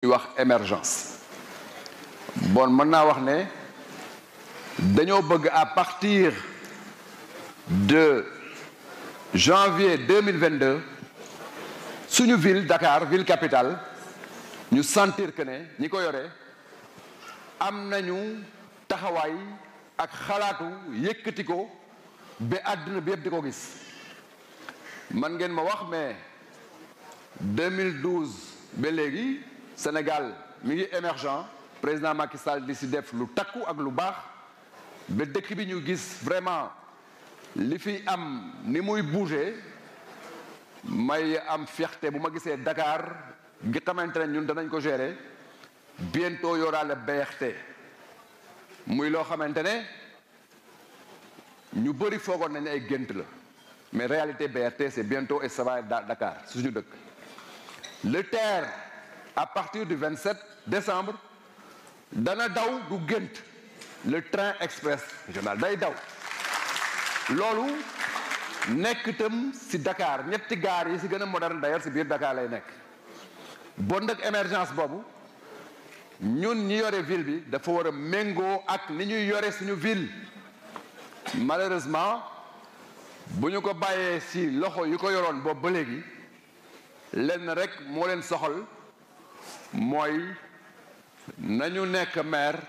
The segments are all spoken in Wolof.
ñuy wax émergence bon mën naa wax ne dañoo bëgg à partir de janvier 2022 suñu ville Dakar ville capital ñu sentir que ne ñi ko yore am nañu taxawaay ak xalaatu yëkkati ko ba àdduna bi yëpp di ko gis man ngeen ma wax mais 2012 ba léegi Sénégal mi ngi émergent président Macky Sall di si def lu takku ak lu baax ba dëkk bi ñu gis vraiment li fi am ni muy bouger may am fierté bu ma gisee dakaar gi xamante ne ñun danañ ko gérer bientôt yoraale BRT muy loo xamante ne ñu bëri foogoon nañ ay gént la mais réalité BRT c'est bientôt et ça va Dakar suñu dëkk le TER à partir vingt 27 décembre dana daw du gént le train express régional day daw loolu nekk itam si Dakar ñetti gaar yi si gëna a moderne d'ailleurs si biir Dakar lay nekk bon nag émergence boobu ñun ñi yore ville bi dafa war a méngoo ak ni ñuy yore suñu ville malheureusement bu ñu ko bàyyee si loxo yi ko yoroon boobu ba léegi lenn rek moo leen soxal mooy nañu nekk maire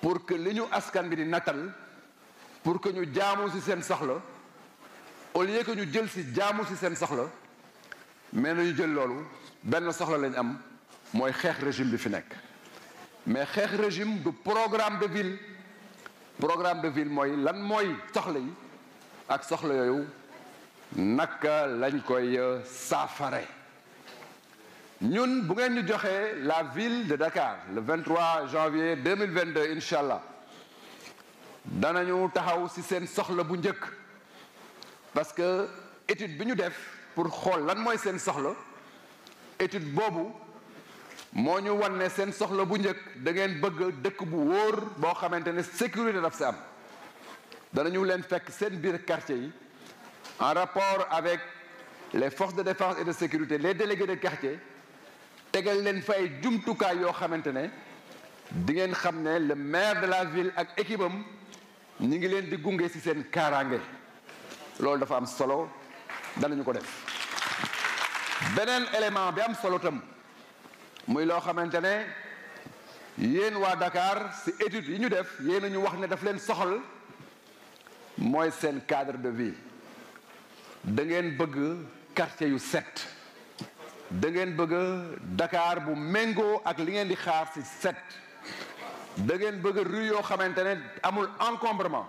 pour que li ñu askan bi di nattal pour que ñu jaamu ci seen soxla au lieu que ñu jël ci jaamu ci seen soxla mais nañu jël loolu benn soxla lañ am mooy xeex régime bi fi nekk mais xeex régime du programme de ville programme de ville mooy lan mooy soxla yi ak soxla yooyu naka lañ koy euh, saafare ñun bu ngeen ñu joxee la ville de Dakar le 23 janvier 2022 incha allah danañu taxaw ci seen soxla bu njëkk parce que étude bi ñu def pour xool lan mooy seen soxla étude boobu moo ñu wan ne seen soxla bu njëkk da ngeen bëgg dëkk bu wóor boo xamante ne sécurité daf sa am dana danañu leen fekk seen biir quartier yi en rapport avec les forces de défense et de sécurité les délégués de quartier tegal leen fa ay jumtukaay yoo xamante ne di ngeen xam ne le maire de la ville ak équipe am ñi ngi leen di gunge ci seen kaaraange loolu dafa am solo danañu ko def beneen élément bi am solo tam muy loo xamante ne yéen waa dakaar ci étude yi ñu def yéen ñu wax ne daf leen soxal mooy seen cadre de vie da ngeen bëgg quartier yu set da ngeen bëgg dakaar bu méngoo ak li ngeen di xaar ci set da ngeen bëgg rue yoo xamante ne amul encombrement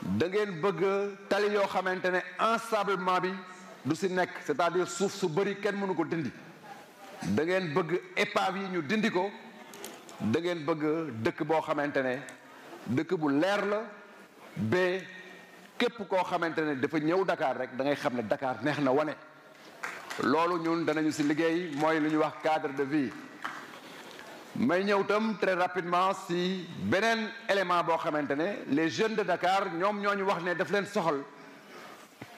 da ngeen bëgg tali yoo xamante ne ensablement bi du ci nekk c'est-à-dire suuf su bari kenn mënu ko dindi da ngeen bëgg épave yi ñu dindi ko da ngeen bëgg dëkk boo xamante ne dëkk bu leer la ba képp koo xamante ne dafa ñëw dakaar rek da ngay xam ne Dakar neex na wane loolu ñun danañu si liggéey mooy lu ñuy wax cadre de vie may ñëw tam très rapidement si beneen élément boo xamante ne les jeunes de Dakar ñoom ñoo ñu wax ne daf leen soxal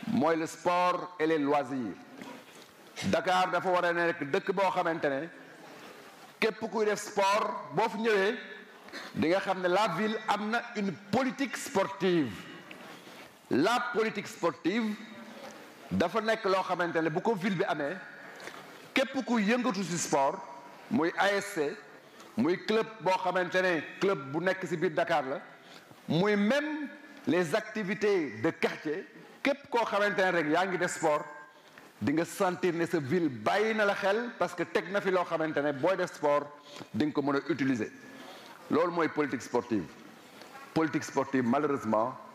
mooy le sport et les loisirs Dakar dafa war a ne rek dëkk boo xamante ne képp kuy def sport boo fu ñëwee di nga xam ne la ville am na une politique sportive la politique sportive dafa nekk loo xamante ne bu ko ville bi amee képp ku yëngatu ci sport muy ASC muy club boo xamante ne club bu nekk ci biir Dakar la muy même les activités de quartier képp koo xamante ne rek yaa ngi def sport di nga sentir ne sa ville bàyyi na la xel parce que teg na fi loo xamante ne booy def sport di nga ko mën a utiliser loolu mooy politique sportive politique sportive malheureusement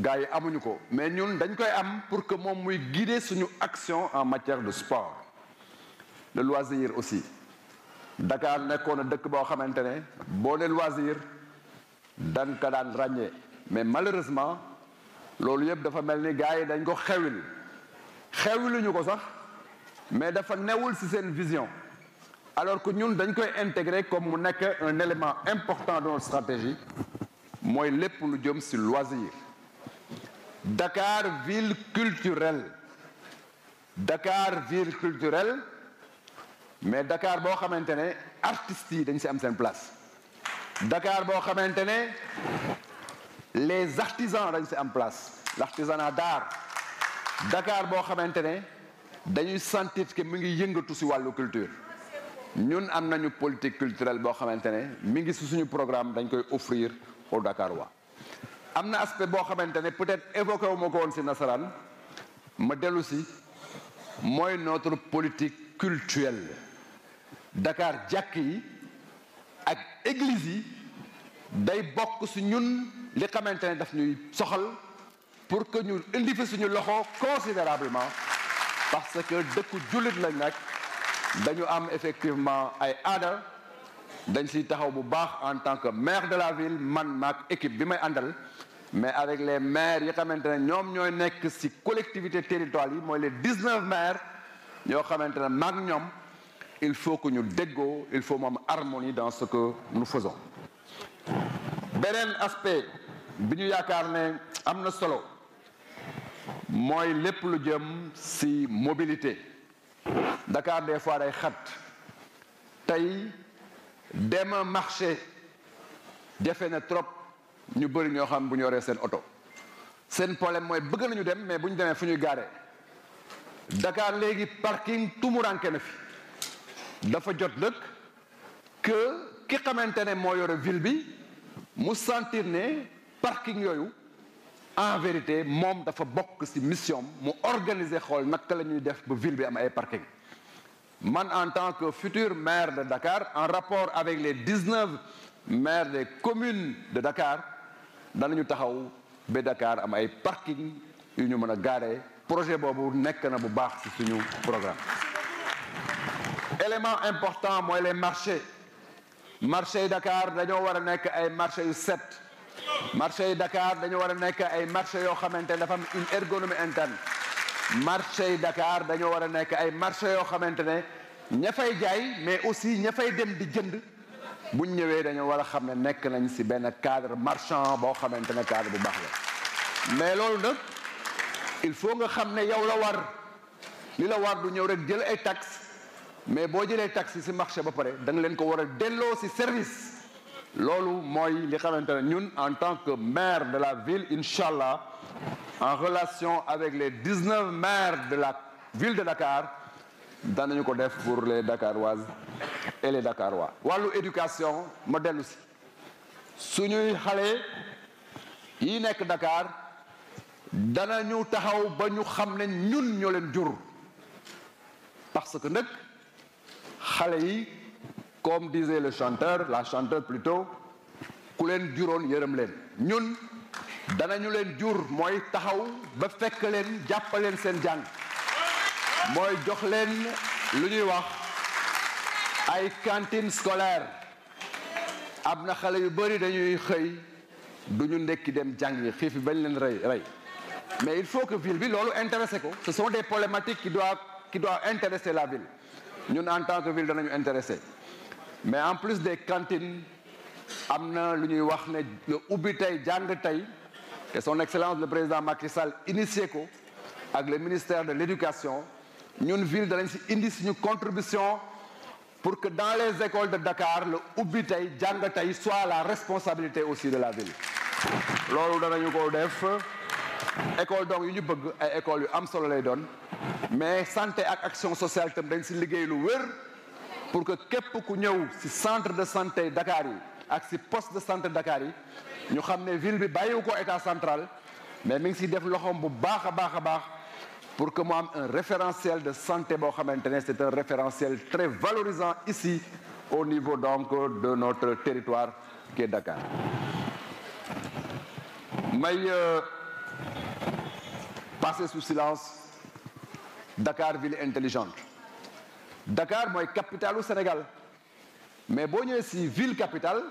gars yi amuñu ko mais ñun dañ koy am pour que moom muy guider suñu action en matière de sport le loisir aussi Dakar nekkoon a dëkk boo xamante ne boo ne loisir dañ ko daan ràññee mais malheureusement loolu yëpp dafa mel ni gars yi dañ ko xewil xewiluñu ko sax mais dafa newul ci seen vision alors que ñun dañ koy intégrer comme mu nekk un élément important de notre stratégie mooy lépp lu jëm ci loisir dakaar ville culturelle dakaar ville culturelle mais dakaar boo xamante ne artistes yi dañ si am seen place Dakar boo xamante ne les artisans dañ si am place l'artisanat d'art Dakar boo xamante ne dañuy sentir que mi ngi yëngatu si wàllu culture ñun am nañu politique culturelle boo xamante ne mi ngi si suñu programme dañ koy offrir au wa am na aspect boo xamante ne peut-être évoqué uma ma ko woon si nasaraan ma dellu si mooy notre politique culturelle Dakar jàkk yi ak église yi day bokk si ñun li xamante ne daf ñuy soxal pour que ñu indi fi suñu loxo considérablement parce que dëkku jullit lañ nag dañu am effectivement ay aada dañ siy taxaw bu baax en tant que maire de la ville man maak équipe bi may àndal mais avec les maires yi xamante ne ñoom ñooy nekk si collectivité territoriale yi mooy les dix-neuf maires yoo xamante ne maak ñoom il faut que ñu déggoo il faut moom harmonie dans ce que nous faisons beneen aspect bi ñu yaakaar ne am na solo mooy lépp lu jëm si mobilité Dakar des fois day xat tey dema marché jafe na trop ñu bëri ñoo xam bu ñu yoree seen oto seen problème mooy bëgg nañu dem mais bu ñu demee fu ñuy gaare Dakar léegi parking tumuranke na fi dafa jot nag ki xamante ne moo yore ville bi mu sentir ne parking yooyu en vérité moom dafa bokk ci mission mu organiser xool naka la ñuy def ba ville bi am ay parking man en tant que futur maire de Dakar en rapport avec les 19 maires des communes de Dakar danañu taxaw ba Dakar am ay parking yu ñu mën a gaare projet boobu nekk na bu baax ci suñu programme élément important mooy les marchés marché yi Dakar dañoo war a nekk ay marché yu set marché yi Dakar dañoo war a nekk ay marché yoo xamante ne dafa am une ergonomie interne marché yi Dakar dañoo war a nekk ay marché yoo xamante ne ña fay jaay mais aussi ña fay dem di jënd buñ ñëwee dañoo war a xam ne nekk nañ ci benn cadre marchand boo xamante ne cadre bu baax la mais loolu nag il faut nga xam ne yow la war li la war du ñëw rek jël ay tax mais boo jëlee taxes ci marché ba pare da nga leen ko war a delloo ci service loolu mooy li xamante ne ñun en tant que maire de la ville incha allah en relation avec les 19 maires de la ville de Dakar danañu ko def pour les Dakaroises et les Dakarois wàllu éducation ma dellu si suñuy xale yi nekk Dakar danañu taxaw ba ñu xam ne ñun ñoo leen jur parce que nag xale yi comme disait le chanteur la chanteuse plutôt ku leen juróon yërëm leen ñun dana ñu leen jur mooy taxaw ba fekk leen jàppaleen seen jàng mooy jox leen lu ñuy wax ay cantine scolaire am na xale yu bëri dañuy xëy du ñu ndekki dem jàng xiif bi bañ leen rey rey mais il faut que ville bi loolu intéressé ko ce sont des problématiques qui doivent qui doivent intéresser la ville ñun en tant que ville danañu intéressé mais en plus des cantines am na lu ñuy wax ne ubbi tey jàng tey te son excellence le président Macky Sall initié ko ak le ministère de l'éducation ñun ville danañ si indi suñu contribution pour que dans les écoles de Dakar le ubbi tey jàng tey soit la responsabilité aussi de la ville loolu danañu ko def école donc yu ñu bëgg ay écoles yu am solo lay doon mais santé ak action sociale tam dañ si liggéey lu wër pour que képp ku ñëw si centre de santé Dakar yi ak si poste de santé Dakar yi ñu xam ne ville bi bàyyiwu ko état central mais mi ngi siy def loxoom bu baax a baax a baax pour que mu am un référentiel de santé boo xamante ne c'est un référentiel très valorisant ici au niveau donc de notre territoire qui est Dakar may euh, passer sous silence Dakar ville intelligente Dakar mooy capitalu Sénégal mais boo ñëwee si ville capitale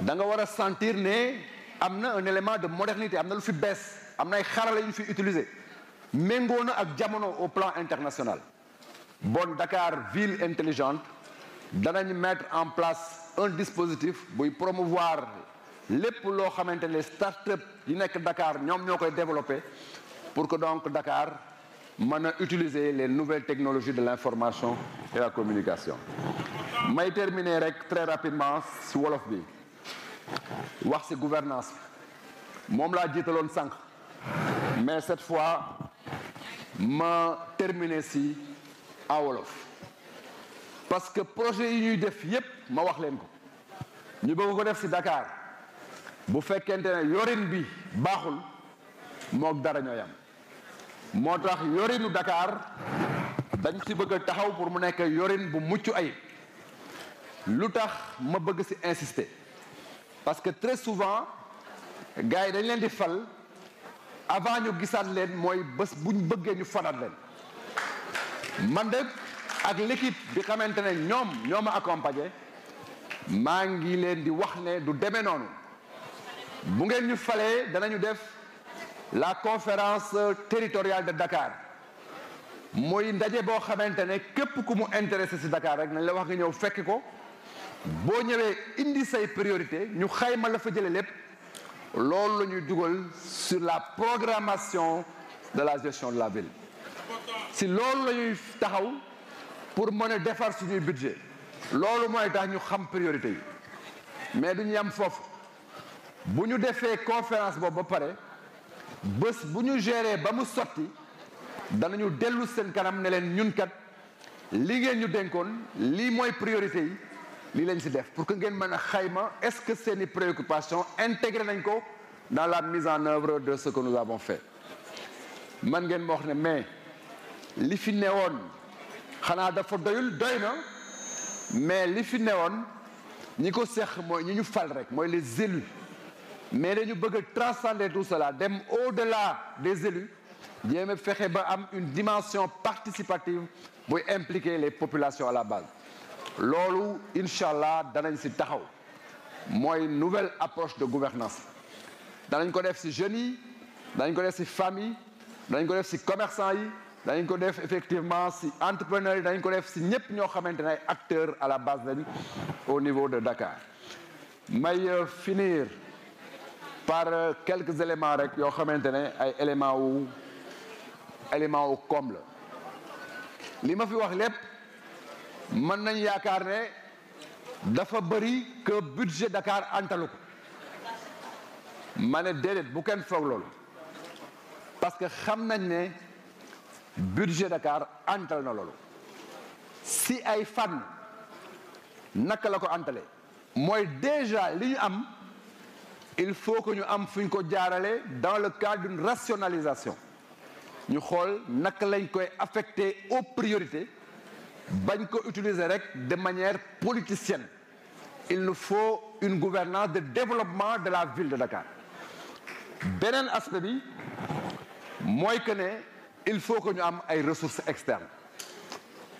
da nga war a sentir ne am na un élément de modernité am na lu fi bees am na ay xarala yu ñu fi utiliser méngoo na ak jamono au plan international bon Dakar ville intelligente danañu mettre en place un dispositif buy promouvoir lépp loo xamante ne start-up yi nekk Dakar ñoom ñoo koy développer pour que donc Dakar mën a utiliser les nouvelles technologies de l'information et la communication may terminer rek très rapidement si wolof bi wax ci gouvernance moom laa jiitaloon sànq mais cette fois ma terminer ci en wolof parce que projet yi ñuy def yépp ma wax leen ko ñu bëgg ko def ci dakaar bu fekkente ne yorin bi baaxul mook dara ñooy moo tax yorinu dakaar dañ ci bëgg a taxaw pour mu nekk yorin bu mucc ay lu tax ma bëgg ci insisté parce que très souvent gars yi dañ leen di fal avant ñu gisaat leen mooy bés buñ bëggee ñu falaat leen man de ak l'équipe bi xamante ne ñoom ñooma ma maa ngi leen di wax ne du demee noonu bu ngeen ñu falee danañu def la conférence territoriale de dakaar mooy ndaje boo xamante ne képp ku mu intéressé ci Dakar rek nañ la wax nga ñëw fekk ko boo ñëwee indi say priorité ñu xayma la fa jële lépp loolu la ñuy dugal sur la programmation de la gestion de la ville si loolu lañuy taxaw pour mën a defar suñuy budget loolu mooy tax ñu xam priorité yi mais duñu yem foofu bu ñu defee conférence boobu ba pare bés bu ñu géré ba mu sotti danañu dellu seen kanam ne leen ñun kat li ngeen ñu dénkoon lii mooy priorité yi lii lañ si def pour que ngeen mën a xayma est-ce que seeni préoccupation intégré nañ ko dans la mise en œuvre de ce que nous avons fait man ngeen ma ne mais li fi newoon xanaa dafa doyul doy na mais li fi newoon ñi ko seq mooy ñi ñu fal rek mooy les élus mais dañu bëgg a transcender tout cela dem au-delà des élus jéem a fexe ba am une dimension participative buy impliquer les populations à la base loolu incha allah danañ si taxaw mooy nouvelle approche de gouvernance danañ ko def si jeunes yi danañ ko si famille danañ ko def si commerçant yi dañ ko def effectivement si entrepreneur yi dañ ko def si ñëpp ñoo xamante ne ay acteurs à la base lañ au niveau de Dakar may euh, finir par euh, quelques éléments rek yoo xamante ne ay éléments wu élément wu koom la li ma fi wax lépp mën nañ yaakaar ne dafa bëri que budget Dakar antalu ko ma ne déedéet bu kenn foog loolu parce que xam nañ ne budget Dakar antal na loolu si ay fan naka la ko antale mooy déjà li ñu am il faut que ñu am fu ñu ko jaarale dans le cadre d'une rationalisation ñu xool naka lañ koy affecté aux priorités bañ ko utiliser rek de manière politicienne il nous faut une gouvernance de développement de la ville de Dakar beneen aspect bi mooy que ne il faut que ñu am ay ressources externes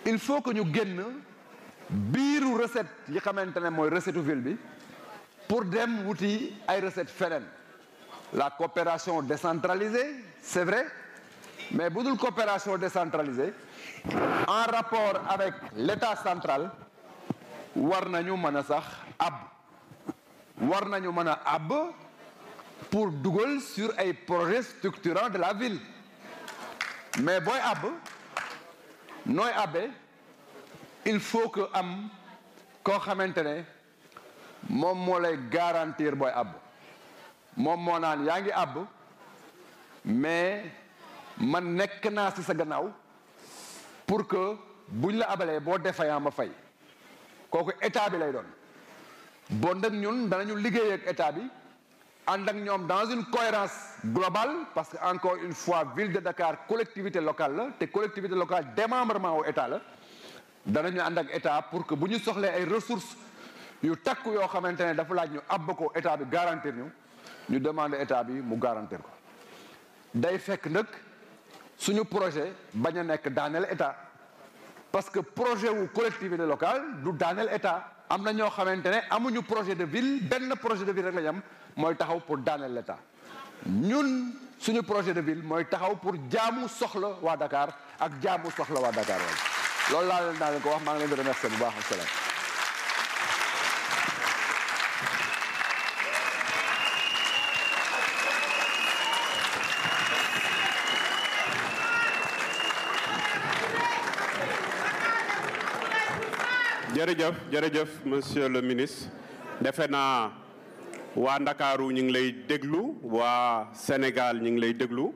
il faut que ñu génn biiru recette yi xamante ne mooy recette ville bi pour dem wuti ay recette feneen la coopération décentralisée c'est vrai mais bu dul coopération décentralisée en rapport avec l'État centrale war nañu mën a sax ab war nañu mën a ab pour dugal sur ay projet structurant de la ville mais booy ab nooy abbe il faut que am koo xamante ne moom moo lay garantir booy ab moom moo naan yaa ngi àbb mais man nekk naa ci sa gannaaw pour que bu buñ la abalee boo defayaa ma fay kooku état bi lay doon bon nag ñun danañu liggéey ak état bi ànd ak ñoom dans une cohérence globale parce que encore une fois ville de Dakar collectivité locale la te collectivité locale démembrement wu état la danañu ànd ak état pour que bu ñu soxlee ay ressources yu takk yoo xamante ne dafa laaj ñu àbb ko état bi garantir ñu ñu demander état bi mu garantir ko day fekk nag suñu projet bañ a nekk daaneel état parce que projet wu collectivité locale du daaneel état am na ñoo xamante ne amuñu projet de ville benn projet de ville rek la ñu mooy taxaw pour daaneel l'état ñun suñu projet de ville mooy taxaw pour jaamu soxla waa Dakar ak jaamu soxla waa Dakar loolu laa leen naa leen ko wax maa ngi remercier bu baax asalaam jërëjëf jërëjëf monsieur le ministre defe naa waa Ndakaaru ñu ngi lay déglu waa Sénégal ñu ngi lay déglu